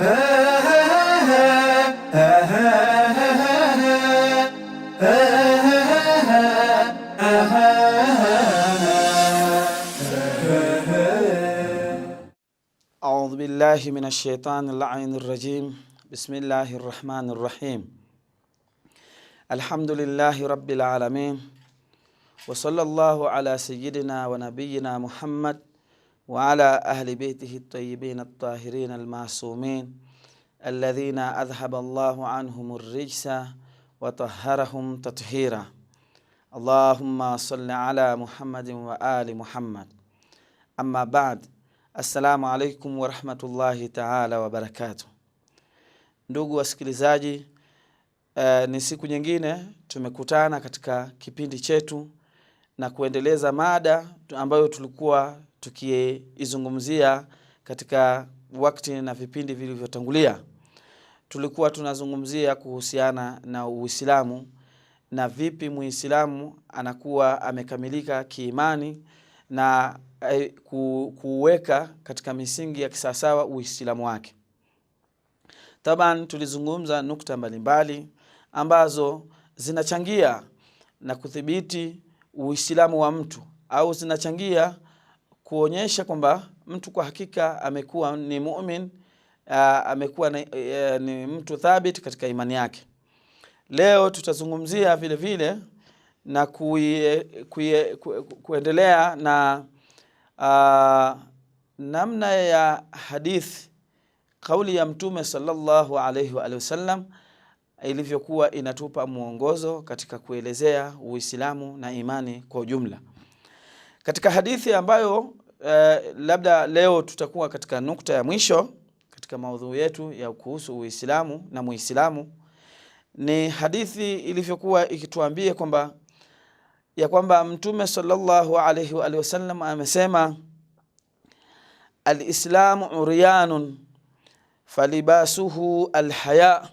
أعوذ بالله من الشيطان اللعين الرجيم بسم الله الرحمن الرحيم الحمد لله رب العالمين وصلى الله على سيدنا ونبينا محمد وعلى أهل بيته الطيبين الطاهرين المعصومين الذين أذهب الله عنهم الرجس وطهرهم تطهيرا اللهم صل على محمد وآل محمد أما بعد السلام عليكم ورحمة الله تعالى وبركاته Ndugu wasikilizaji, e, ni siku nyingine tumekutana katika kipindi chetu na kuendeleza mada ambayo tulikuwa tukiizungumzia katika wakati na vipindi vilivyotangulia, tulikuwa tunazungumzia kuhusiana na Uislamu na vipi Muislamu anakuwa amekamilika kiimani na eh, kuweka katika misingi ya kisawasawa Uislamu wake. Taban, tulizungumza nukta mbalimbali ambazo zinachangia na kudhibiti Uislamu wa mtu au zinachangia kuonyesha kwamba mtu kwa hakika amekuwa ni mumin, ah, amekuwa ni, eh, ni mtu thabit katika imani yake. Leo tutazungumzia vile vile na kuye, kuye, kuendelea na uh, namna ya hadithi kauli ya Mtume sallallahu alaihi wa alihi wasallam ilivyokuwa inatupa mwongozo katika kuelezea Uislamu na imani kwa ujumla. Katika hadithi ambayo eh, labda leo tutakuwa katika nukta ya mwisho katika maudhui yetu ya kuhusu Uislamu na Muislamu, ni hadithi ilivyokuwa ikituambia kwamba ya kwamba Mtume sallallahu alaihi wa alihi wasallam amesema alislamu uryanun falibasuhu alhaya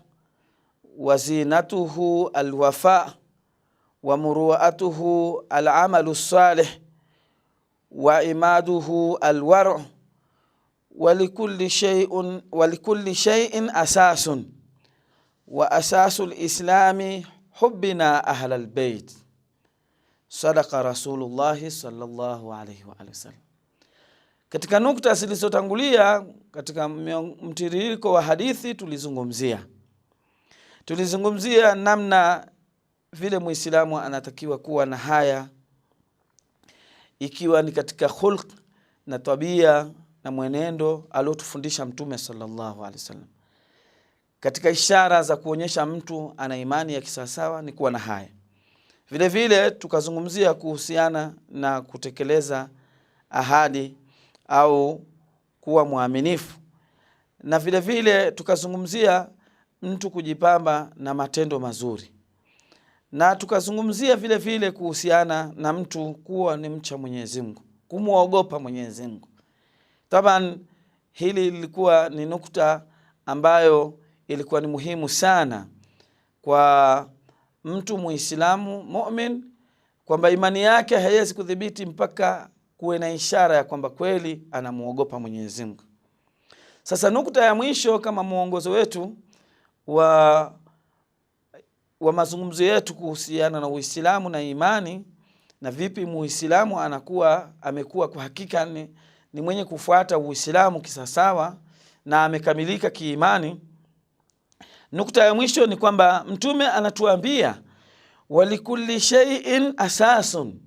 wa zinatuhu alwafa wa muruatuhu alamalu salih وإماده الورع walikuli shaiin asasun wa asasu lislami hubina حبنا أهل البيت صدق رسول الله صلى الله Katika nukta zilizotangulia katika mtiririko wa hadithi tulizungumzia tulizungumzia namna vile Muislamu anatakiwa kuwa na haya ikiwa ni katika khulq na tabia na mwenendo aliotufundisha Mtume sallallahu alaihi wasallam. Katika ishara za kuonyesha mtu ana imani ya kisawasawa ni kuwa na haya. Vile vile tukazungumzia kuhusiana na kutekeleza ahadi au kuwa mwaminifu, na vile vile tukazungumzia mtu kujipamba na matendo mazuri na tukazungumzia vile vile kuhusiana na mtu kuwa ni mcha Mwenyezi Mungu, kumwogopa Mwenyezi Mungu. Taban, hili lilikuwa ni nukta ambayo ilikuwa ni muhimu sana kwa mtu Muislamu mumin, kwamba imani yake haiwezi kudhibiti mpaka kuwe na ishara ya kwamba kweli anamwogopa Mwenyezi Mungu. Sasa nukta ya mwisho kama mwongozo wetu wa wa mazungumzo yetu kuhusiana na Uislamu na imani na vipi muislamu anakuwa amekuwa kwa hakika ni, ni mwenye kufuata Uislamu kisawasawa na amekamilika kiimani. Nukta ya mwisho ni kwamba Mtume anatuambia walikulli shay'in asasun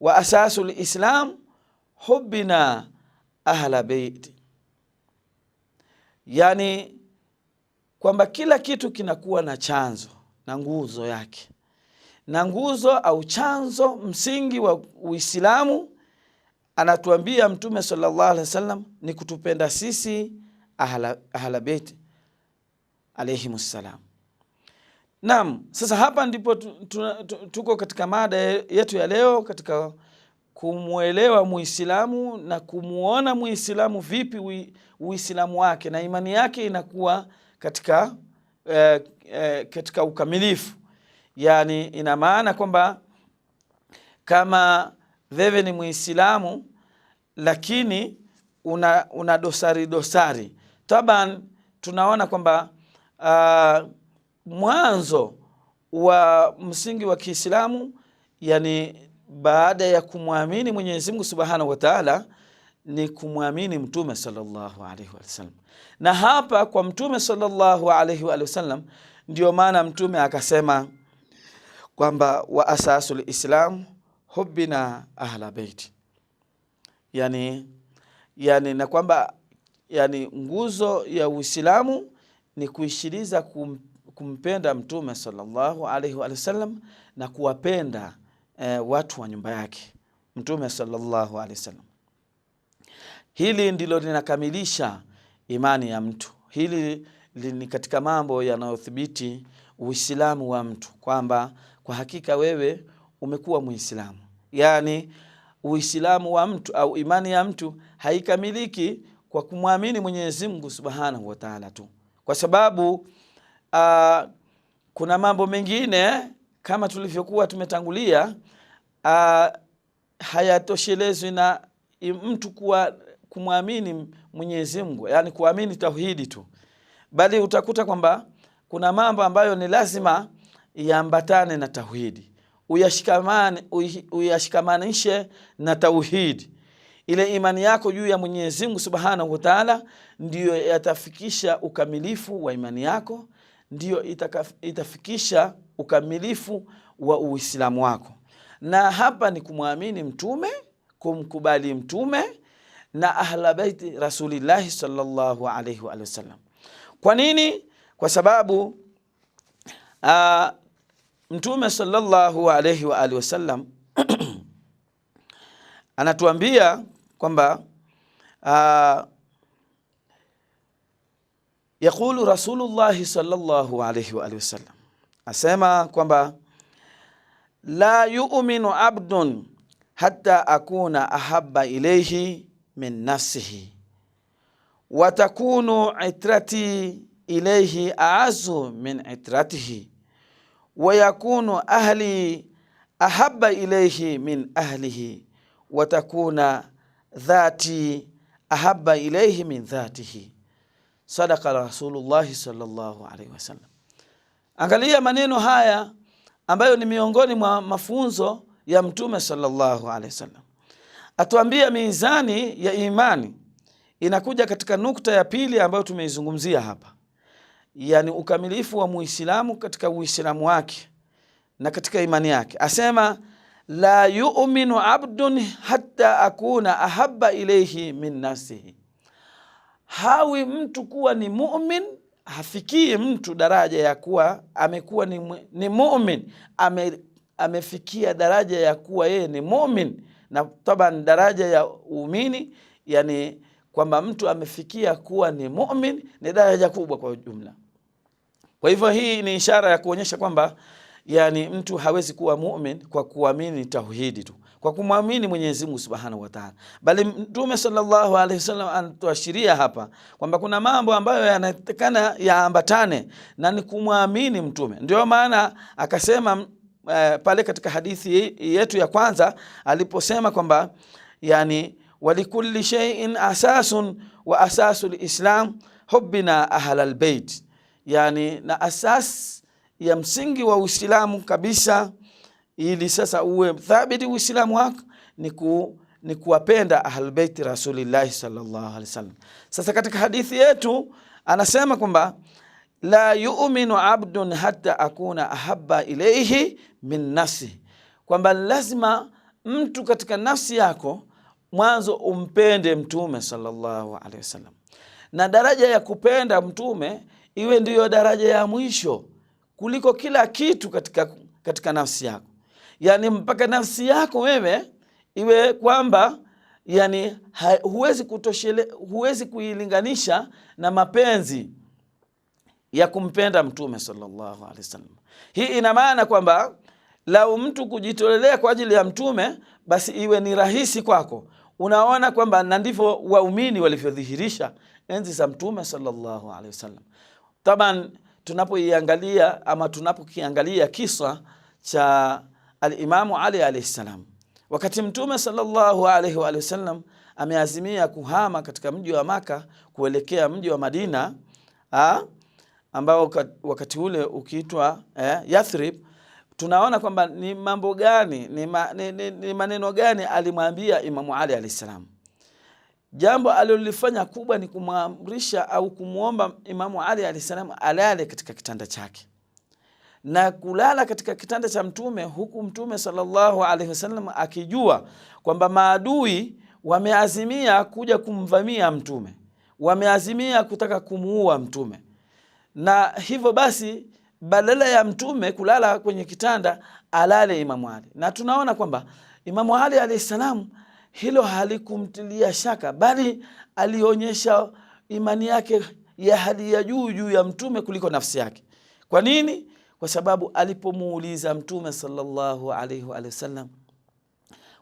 wa asasu lislam hubbina ahla beiti, yani kwamba kila kitu kinakuwa na chanzo na nguzo yake. Na nguzo au chanzo msingi wa Uislamu anatuambia Mtume sallallahu alaihi wasallam ni kutupenda sisi ahla, ahla beiti alaihimussalam. Naam, sasa hapa ndipo tuko katika mada yetu ya leo katika kumwelewa Muislamu na kumwona Muislamu vipi Uislamu wake na imani yake inakuwa katika eh, eh, katika ukamilifu. Yani ina maana kwamba kama wewe ni Muislamu lakini una, una dosari dosari, taban tunaona kwamba uh, mwanzo wa msingi wa Kiislamu yani baada ya kumwamini Mwenyezi Mungu Subhanahu wa Ta'ala ni kumwamini Mtume sallallahu alaihi wasallam, na hapa kwa Mtume sallallahu alaihi wasallam ndio maana Mtume akasema kwamba wa asasu lislam hubbina ahla beiti, yani, yani na kwamba yani nguzo ya Uislamu ni kuishiriza kum, kumpenda Mtume sallallahu alaihi wasallam na kuwapenda eh, watu wa nyumba yake Mtume sallallahu alaihi wasallam Hili ndilo linakamilisha imani ya mtu. Hili ni katika mambo yanayothibiti Uislamu wa mtu kwamba kwa hakika wewe umekuwa Muislamu. Yaani Uislamu wa mtu au imani ya mtu haikamiliki kwa kumwamini Mwenyezi Mungu Subhanahu wa Ta'ala tu, kwa sababu uh, kuna mambo mengine kama tulivyokuwa tumetangulia uh, hayatoshelezwi na mtu kuwa kumwamini Mwenyezi Mungu, yani kuamini tauhidi tu, bali utakuta kwamba kuna mambo ambayo ni lazima yaambatane na tauhidi, uyashikamane uyashikamanishe na tauhidi. Ile imani yako juu ya Mwenyezi Mungu Subhanahu wa Ta'ala ndiyo yatafikisha ukamilifu wa imani yako, ndiyo itafikisha ukamilifu wa Uislamu wako. Na hapa ni kumwamini mtume, kumkubali mtume na ahla baiti rasulillahi sallallahu alaihi wa sallam. Kwa nini? Kwa sababu ah, mtume sallallahu alaihi wa alihi wasallam anatuambia kwamba ah, yaqulu rasulullahi sallallahu alaihi wa alihi wasallam, asema kwamba la yu'minu abdun hatta akuna ahabba ilayhi min nafsihi wa takunu itrati ilayhi aazu min itratihi wa yakunu ahli ahabba ilayhi min ahlihi wa takuna dhati ahabba ilayhi min dhatihi. Sadaqa Rasulullahi sallallahu alaihi wasallam. Angalia maneno haya ambayo ni miongoni mwa mafunzo ya Mtume sallallahu alaihi wasallam atuambia mizani ya imani inakuja katika nukta ya pili ambayo tumeizungumzia hapa, yani ukamilifu wa muislamu katika uislamu wake na katika imani yake. Asema la yu'minu abdun hatta akuna ahabba ilayhi min nafsihi, hawi mtu kuwa ni mu'min, hafikii mtu daraja ya kuwa amekuwa ni, ni mu'min ame, amefikia daraja ya kuwa yeye ni mu'min na taban daraja ya uumini, yani kwamba mtu amefikia kuwa ni mumin ni daraja kubwa kwa ujumla. Kwa hivyo hii ni ishara ya kuonyesha kwamba yani mtu hawezi kuwa mumin kwa kuamini tauhidi tu, kwa kumwamini Mwenyezi Mungu Subhanahu wataala bali Mtume sallallahu wasallam anatuashiria hapa kwamba kuna mambo ambayo yanatakana yaambatane na ni kumwamini Mtume, ndio maana akasema eh, pale katika hadithi yetu ya kwanza aliposema kwamba yani walikulli shay'in asasun wa asasu lislam hubbina ahla albayt, yani na asas ya msingi wa Uislamu kabisa, ili sasa uwe thabiti Uislamu wako ni ku ni kuwapenda ahlulbeiti rasulillahi sallallahu alaihi wasallam. Sasa katika hadithi yetu anasema kwamba la yu'minu abdun hatta akuna ahabba ilaihi min nafsi, kwamba lazima mtu katika nafsi yako mwanzo umpende Mtume sallallahu alaihi wasallam, na daraja ya kupenda Mtume iwe ndiyo daraja ya mwisho kuliko kila kitu katika, katika nafsi yako, yani mpaka nafsi yako wewe iwe kwamba yani huwezi kutoshele, huwezi kuilinganisha na mapenzi ya kumpenda Mtume sallallahu alaihi wasallam. Hii ina maana kwamba lau mtu kujitolelea kwa ajili ya Mtume basi iwe ni rahisi kwako. Unaona kwamba na ndivyo waumini walivyodhihirisha enzi za Mtume sallallahu alaihi wasallam. Taban, tunapoiangalia ama tunapokiangalia kisa cha alimamu Ali alaihi salam, wakati Mtume sallallahu alaihi wasallam ameazimia kuhama katika mji wa Maka kuelekea mji wa Madina ha? Ah, ambao wakati ule ukiitwa eh, Yathrib, tunaona kwamba ni mambo gani ni, ma, ni, ni, ni maneno gani alimwambia Imamu Ali alayhi salam. Jambo alilolifanya kubwa ni kumwamrisha au kumwomba Imamu Ali alayhi salam alale katika kitanda chake na kulala katika kitanda cha Mtume, huku Mtume sallallahu alaihi wasallam akijua kwamba maadui wameazimia kuja kumvamia Mtume, wameazimia kutaka kumuua Mtume na hivyo basi badala ya mtume kulala kwenye kitanda alale Imamu Ali, na tunaona kwamba Imamu Ali alayhi salam hilo halikumtilia shaka, bali alionyesha imani yake ya hali ya juu juu ya mtume kuliko nafsi yake. Kwa nini? Kwa sababu alipomuuliza mtume sallallahu alaihi wasallam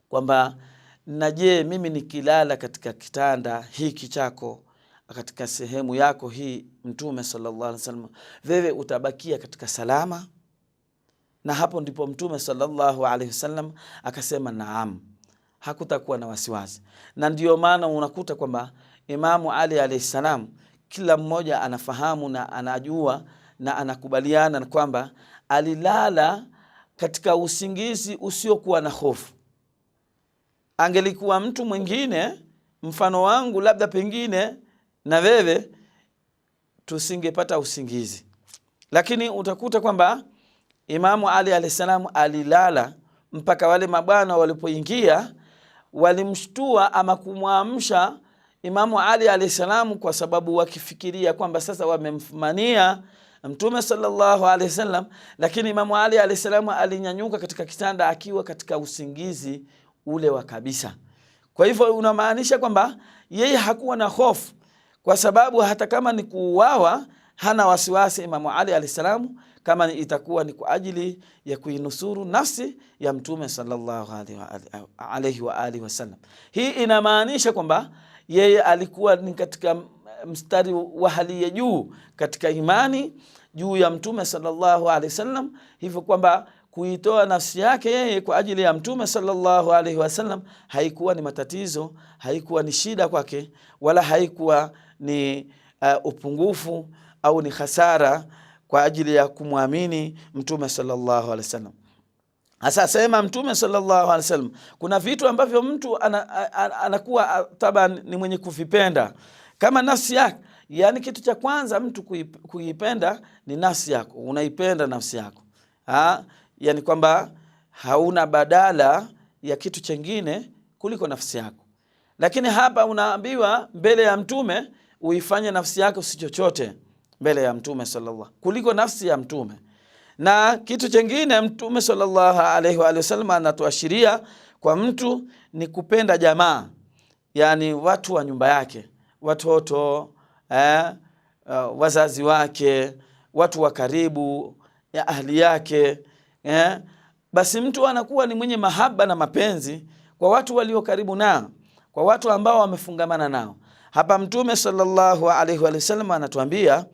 kwamba na je, mimi nikilala katika kitanda hiki chako katika sehemu yako hii Mtume sallallahu alaihi wasallam, wewe utabakia katika salama. Na hapo ndipo Mtume sallallahu alaihi wasallam akasema naam, hakutakuwa na wasiwasi. Na ndiyo maana unakuta kwamba Imamu Ali alaihi salam, kila mmoja anafahamu na anajua na anakubaliana kwamba alilala katika usingizi usiokuwa na hofu. Angelikuwa mtu mwingine mfano wangu, labda pengine na wewe tusingepata usingizi. Lakini utakuta kwamba Imamu Ali alayhi salam alilala mpaka wale mabwana walipoingia walimshtua ama kumwamsha Imamu Ali alahi salam, kwa sababu wakifikiria kwamba sasa wamemfumania Mtume sallallahu alayhi wasallam. Lakini Imamu Ali alahi salam alinyanyuka katika kitanda akiwa katika usingizi ule wa kabisa. Kwa hivyo unamaanisha kwamba yeye hakuwa na hofu kwa sababu hata kama ni kuuawa hana wasiwasi Imamu Ali alayhi salamu, kama itakuwa ni kwa ajili ya kuinusuru nafsi ya Mtume sallallahu alayhi wa alihi wasallam. Hii inamaanisha kwamba yeye alikuwa ni katika mstari wa hali ya juu katika imani juu ya Mtume sallallahu wasallam, hivyo kwamba kuitoa nafsi yake yeye kwa ajili ya Mtume sallallahu wasallam haikuwa ni matatizo, haikuwa ni shida kwake, wala haikuwa ni uh, upungufu au ni hasara kwa ajili ya kumwamini mtume sallallahu alaihi wasallam. Hasa sema mtume sallallahu alaihi wasallam, kuna vitu ambavyo mtu anakuwa ana, ana, ana taban ni mwenye kuvipenda kama nafsi yake. Yani kitu cha kwanza mtu kuipenda ni nafsi yako, unaipenda nafsi yako ha? Yani kwamba hauna badala ya kitu chengine kuliko nafsi yako. Lakini hapa unaambiwa mbele ya mtume uifanye nafsi yako si chochote mbele ya mtume sallallahu kuliko nafsi ya mtume. Na kitu chengine mtume sallallahu alaihi wa sallam anatuashiria kwa mtu ni kupenda jamaa, yani watu wa nyumba yake, watoto eh, uh, wazazi wake, watu wa karibu ya ahli yake eh, basi mtu anakuwa ni mwenye mahaba na mapenzi kwa watu walio karibu nao, kwa watu ambao wamefungamana nao. Hapa Mtume sallallahu alaihi sallam anatuambia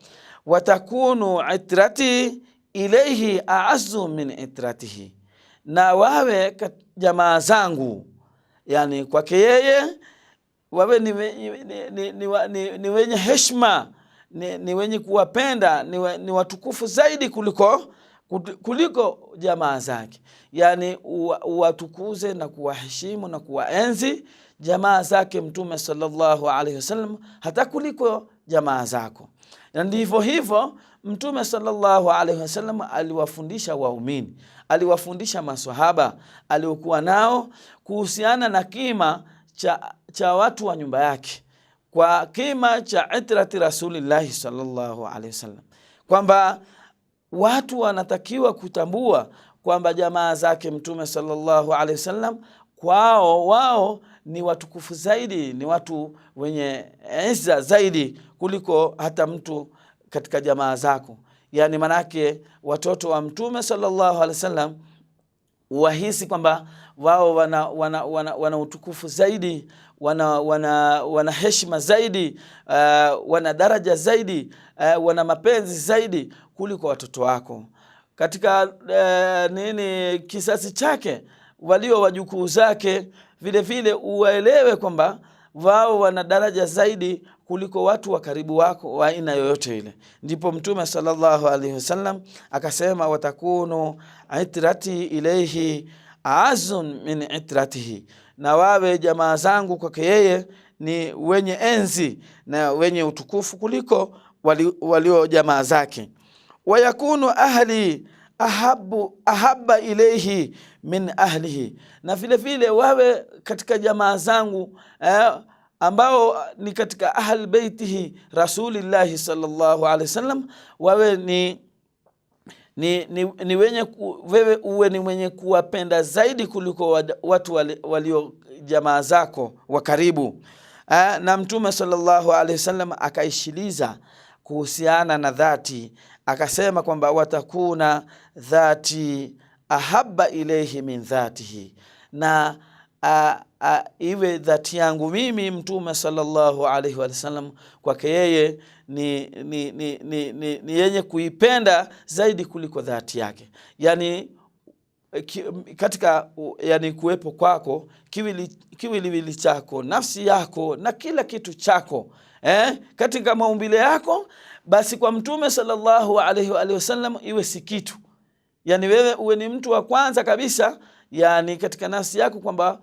watakunu itrati ilaihi aazu min itratihi, na wawe jamaa zangu, yani kwake yeye wawe ni, ni, ni, ni, ni, ni wenye heshima ni, ni wenye kuwapenda ni, ni watukufu zaidi kuliko kuliko jamaa zake, yani uwatukuze na kuwaheshimu na kuwaenzi jamaa zake Mtume sallallahu alaihi wasallam hata kuliko jamaa zako. Na ndivyo hivyo Mtume sallallahu alaihi wasallam aliwafundisha waumini, aliwafundisha maswahaba aliokuwa nao kuhusiana na kima cha, cha watu wa nyumba yake kwa kima cha itrati rasulillahi sallallahu alaihi wasallam, kwamba watu wanatakiwa kutambua kwamba jamaa zake Mtume sallallahu alaihi wasallam kwao wao ni watukufu zaidi, ni watu wenye enza zaidi kuliko hata mtu katika jamaa zako. Yani manake watoto wa Mtume sallallahu alaihi wasallam wahisi kwamba wao wana, wana, wana, wana utukufu zaidi wana, wana, wana heshima zaidi uh, wana daraja zaidi uh, wana mapenzi zaidi kuliko watoto wako katika uh, nini kisasi chake walio wajukuu zake vile vile uwaelewe kwamba wao wana daraja zaidi kuliko watu wa karibu wako wa aina yoyote ile. Ndipo Mtume sallallahu alaihi wasallam akasema, watakunu itrati ilaihi aazun min itratihi, na wawe jamaa zangu kwake yeye ni wenye enzi na wenye utukufu kuliko walio wali jamaa zake. Wayakunu ahli ahabu ahaba ilaihi min ahlihi, na vile vile wawe katika jamaa zangu eh, ambao ni katika ahl beitihi rasulillahi sallallahu alaihi wasallam, wawe ni ni, ni, ni wenye ku, wewe uwe ni mwenye kuwapenda zaidi kuliko wad, watu wali, walio jamaa zako wa karibu eh, na Mtume sallallahu alaihi wasallam akaishiliza kuhusiana na dhati akasema kwamba watakuna dhati ahabba ilaihi min dhatihi, na a, a, iwe dhati yangu mimi Mtume sallallahu alaihi wasallam kwake yeye ni, ni, ni, ni, ni, ni yenye kuipenda zaidi kuliko dhati yake, yani katika yani kuwepo kwako kiwili, kiwiliwili chako nafsi yako na kila kitu chako eh, katika maumbile yako basi kwa Mtume sallallahu alaihi wa alihi wasallam iwe si kitu, yani wewe uwe ni mtu wa kwanza kabisa, yani katika nafsi yako kwamba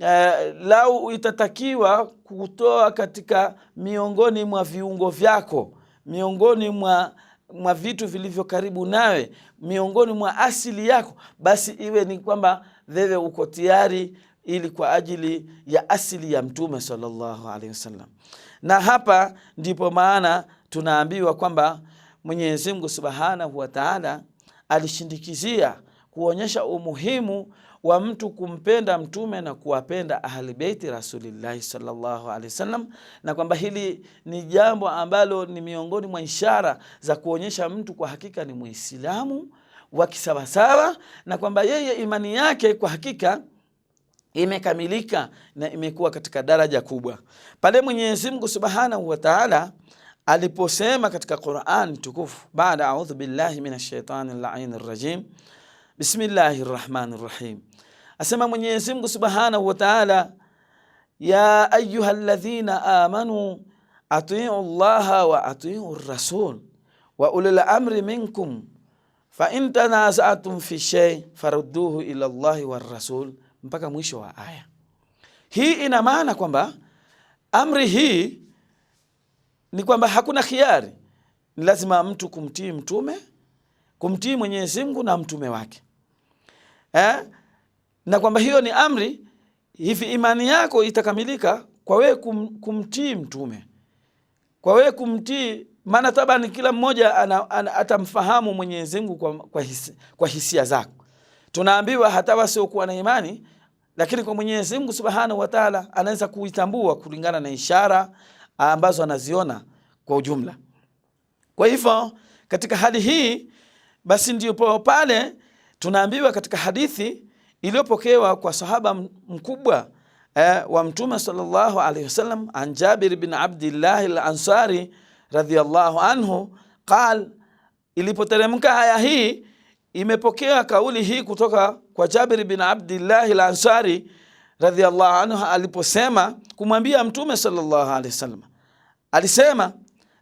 Uh, lau itatakiwa kutoa katika miongoni mwa viungo vyako, miongoni mwa, mwa vitu vilivyo karibu nawe, miongoni mwa asili yako, basi iwe ni kwamba wewe uko tayari ili kwa ajili ya asili ya mtume sallallahu alaihi wasallam. Na hapa ndipo maana tunaambiwa kwamba Mwenyezi Mungu Subhanahu wa Ta'ala alishindikizia kuonyesha umuhimu wa mtu kumpenda mtume na kuwapenda ahli beiti rasulillahi sallallahu alaihi wasallam, na kwamba hili ni jambo ambalo ni miongoni mwa ishara za kuonyesha mtu kwa hakika ni Muislamu wa kisawasawa, na kwamba yeye imani yake kwa hakika imekamilika na imekuwa katika daraja kubwa. Pale Mwenyezi Mungu Subhanahu wa Ta'ala aliposema katika Qur'an tukufu, baada a'udhu billahi minash shaitani la'in rajim bismillahir rahmanir rahim, asema Mwenyezi Mungu Subhanahu wa Ta'ala, ya ladhina amanu atiu llaha wa atiu rasul wa ulil amri minkum fa in tanaza'tum fi shay farudduhu ila llahi war rasul mpaka mwisho wa aya hii. Ina maana kwamba amri hii ni kwamba hakuna khiari, ni lazima mtu kumtii mtume, kumtii Mwenyezi Mungu na mtume wake eh? na kwamba hiyo ni amri. Hivi imani yako itakamilika kwa wewe kum, kumtii mtume, kwa wewe kumtii maana tabani kila mmoja ana, ana, atamfahamu Mwenyezi Mungu kwa, kwa, hisi, kwa hisia zako. Tunaambiwa hata wasiokuwa na imani lakini kwa Mwenyezi Mungu Subhanahu wa Ta'ala anaweza kuitambua kulingana na ishara ambazo anaziona kwa ujumla. Kwa hivyo katika hali hii basi ndipo pale tunaambiwa katika hadithi iliyopokewa kwa sahaba mkubwa eh, wa Mtume sallallahu alaihi wasallam an Jabir bin Abdillah al-Ansari radhiyallahu anhu qal, ilipoteremka aya hii, imepokea kauli hii kutoka kwa Jabiri bin Abdillahi al-Ansari radhiallahu anhu aliposema kumwambia Mtume sallallahu alaihi wasallam, alisema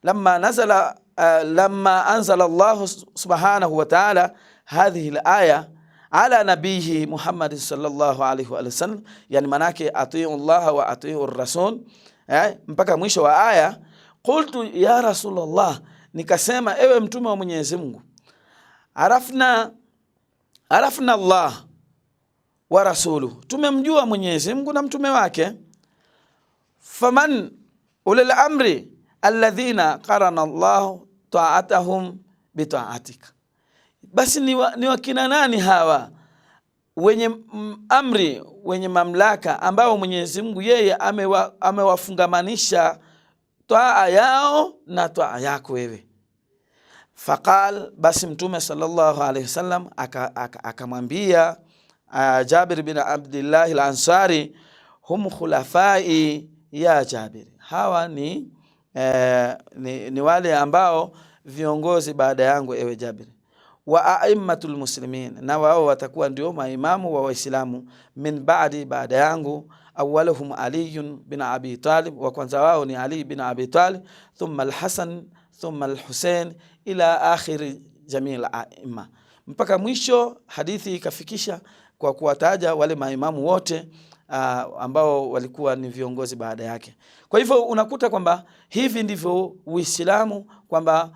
lamma nazala uh, lamma anzala Allahu subhanahu wa ta'ala hadhihi al-aya ala nabihi Muhammad sallallahu alaihi wa sallam, yani manake atiu Allah wa atiu rasul eh, mpaka mwisho wa aya. Qultu ya Rasulullah, nikasema ewe mtume wa Mwenyezi Mungu, arafna arafna Allah wa rasulu, tumemjua Mwenyezi Mungu na mtume wake. Faman ulil amri alladhina qarana llahu taatahum bitaatika, basi ni, wa, ni wakina nani hawa wenye amri wenye mamlaka ambao Mwenyezi Mungu yeye amewafungamanisha ame taa yao na taa yako wewe Faqal, basi Mtume sallallahu alayhi wasallam akamwambia aka ah, Jabir bin Abdillah al-Ansari, hum khulafai ya Jabir, hawa ni, eh, ni, ni wale ambao viongozi baada yangu ewe Jabir wa aimmatul muslimin, na wao watakuwa ndio maimamu wa Waislamu min baadi, baada yangu awaluhum Ali bin Abi Talib, wa kwanza wao ni Ali bin Abi Talib, thumma alhasan thumma alhusain ila akhiri jamii aima mpaka mwisho. Hadithi ikafikisha kwa kuwataja wale maimamu wote uh, ambao walikuwa ni viongozi baada yake. Kwa hivyo unakuta kwamba hivi ndivyo Uislamu kwamba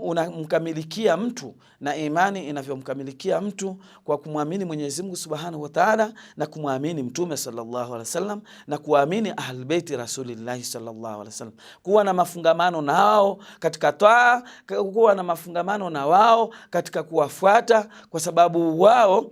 unamkamilikia mtu na imani inavyomkamilikia mtu kwa kumwamini Mwenyezi Mungu Subhanahu wa Ta'ala na kumwamini Mtume sallallahu alaihi wasallam na kuamini Ahlbeiti Rasulillahi sallallahu alaihi wasallam, kuwa na mafungamano na wao katika taa, kuwa na mafungamano na wao katika kuwafuata, kwa sababu wao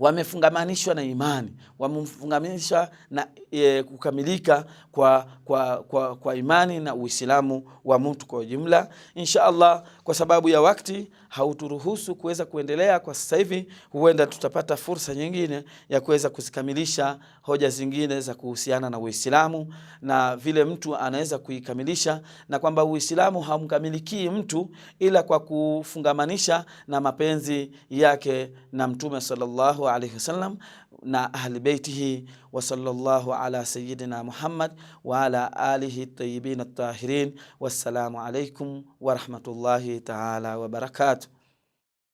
wamefungamanishwa na imani, wamefungamanishwa na e, kukamilika kwa, kwa, kwa, kwa imani na Uislamu wa mtu kwa ujumla. Insha Allah, kwa sababu ya wakati hauturuhusu kuweza kuendelea kwa sasa hivi, huenda tutapata fursa nyingine ya kuweza kuzikamilisha hoja zingine za kuhusiana na Uislamu na vile mtu anaweza kuikamilisha, na kwamba Uislamu hamkamilikii mtu ila kwa kufungamanisha na mapenzi yake na Mtume sallallahu الله عليه وسلم نا أهل بيته وصلى الله على سيدنا محمد وعلى آله الطيبين الطاهرين والسلام عليكم ورحمة الله تعالى وبركاته